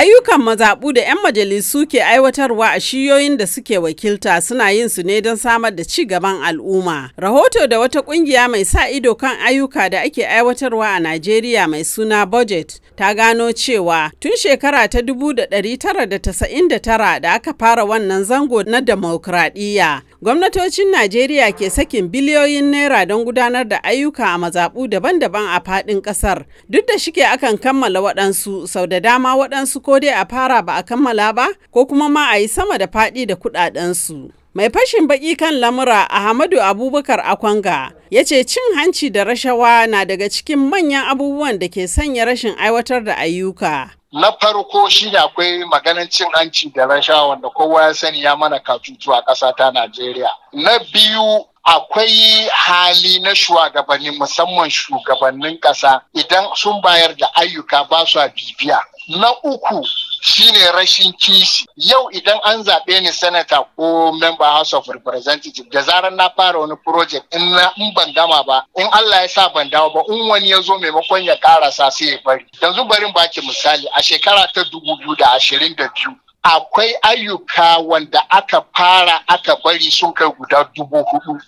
Ayyukan mazaɓu da 'yan majalisu ke aiwatarwa a shiyoyin da suke wakilta suna yin su ne don samar da ci gaban al'umma. Rahoto da wata ƙungiya mai sa ido kan ayyuka da ake aiwatarwa a Najeriya mai suna budget ta gano cewa tun shekara ta 1999 da aka fara wannan zango na demokradiyya. Gwamnatocin Najeriya ke sakin biliyoyin naira don gudanar da ayyuka a mazaɓu daban-daban a faɗin ƙasar. Duk da shike akan kammala waɗansu sau da dama waɗansu ko dai a fara ba a kammala ba ko kuma ma a yi sama da faɗi da su? Mai fashin baki kan lamura Ahmadu Abubakar Akwanga ya ce cin hanci da rashawa na daga cikin manyan abubuwan da ke sanya rashin aiwatar da ayyuka. Na farko shi ne akwai maganin cin hanci da rashawa wanda kowa ya sani ya mana katutu a ƙasa ta Najeriya. Na biyu akwai hali na shugabanni musamman shugabannin ƙasa idan sun bayar da ayyuka ba su bibiya Na uku shine rashin kishi. Yau idan an zaɓe ni sanata ko member House of Representative da zarar na fara wani project in na in ban gama ba in Allah ya sa ban dawo ba in wani ya zo maimakon ya karasa sai ya bari. Yanzu barin baki misali a shekara ta dubu biyu da ashirin da biyu akwai ayyuka wanda aka fara aka bari sun kai guda dubu hudu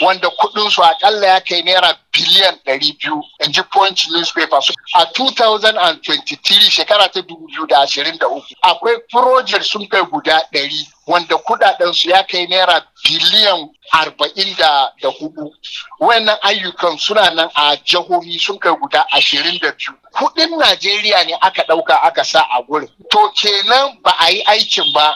wanda kudin su akalla ya kai naira biliyan ɗari biyu in ji punch newspaper a 2023 shekara ta dubu biyu da da ashirin uku, akwai project sun kai guda ɗari wanda kudaden su ya kai naira biliyan arba'in da hudu wayannan ayyukan suna nan a jihohi sun kai guda ashirin da biyu kudin najeriya ne aka ɗauka aka sa a gurin to kenan ba a yi aikin ba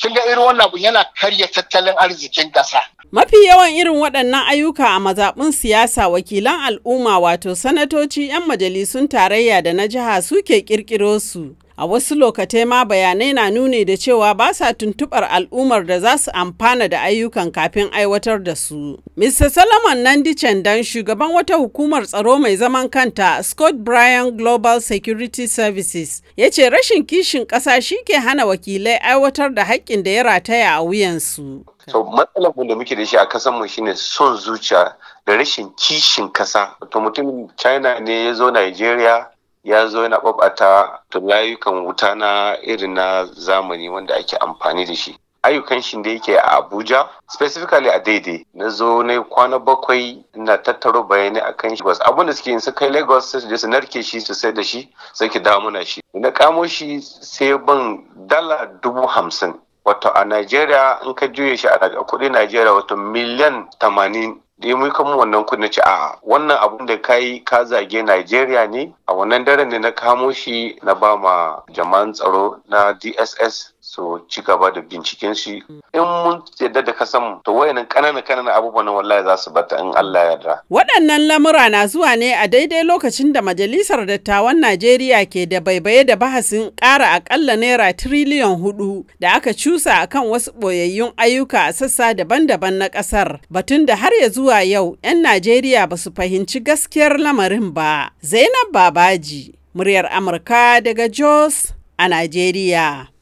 kin ga irin wannan abun yana karya tattalin arzikin ƙasa. Mafi yawan irin waɗannan ayyuka a mazaɓin siyasa wakilan al'umma wato sanatoci 'yan majalisun tarayya da na jiha suke ƙirƙiro su. a wasu lokatai ma bayanai na nuni da cewa ba sa tuntubar al'ummar da za su amfana da ayyukan kafin aiwatar da su. Mr. Solomon Nandi Chandan shugaban wata hukumar tsaro mai zaman kanta Scott Bryan Global Security Services ya ce rashin kishin ƙasa shi ke hana wakilai aiwatar da haƙƙin da ya rataya a wuyansu. So matsalar da muke da shi a mu shine son zuciya da rashin kishin ƙasa. To mutum China ne ya zo Nigeria ya zo yana ɓaɓata layukan wuta na irin na zamani wanda ake amfani da shi ayyukan shi da yake a abuja specifically a daidai na zo na kwana bakwai na tattaro bayanai a kan shi abin da suke yin su kai lagos su je su narke shi su sai da shi sai ki dawo shi na kamo shi sai ban dala dubu hamsin wato a Najeriya in ka juye shi a kuɗi Najeriya wato miliyan tamanin da ya kan wannan kudi ce a wannan abun da kai ka zage Najeriya ne a wannan daren ne na kamo shi na ba ma jama'an tsaro na DSS su ci gaba da binciken shi in mun yadda da kasan to wayannan kanana kanana abubuwan wallahi za su bata in Allah ya yarda waɗannan lamura na zuwa ne a daidai lokacin da majalisar dattawan Najeriya ke da baibaye da bahasin ƙara akalla naira tiriliyan hudu da aka cusa akan wasu boyayyun ayyuka a sassa daban-daban na ƙasar batun da har ya zuwa yau 'yan Najeriya ba su fahimci gaskiyar lamarin ba Zainab Babaji muryar Amurka daga Jos a Najeriya.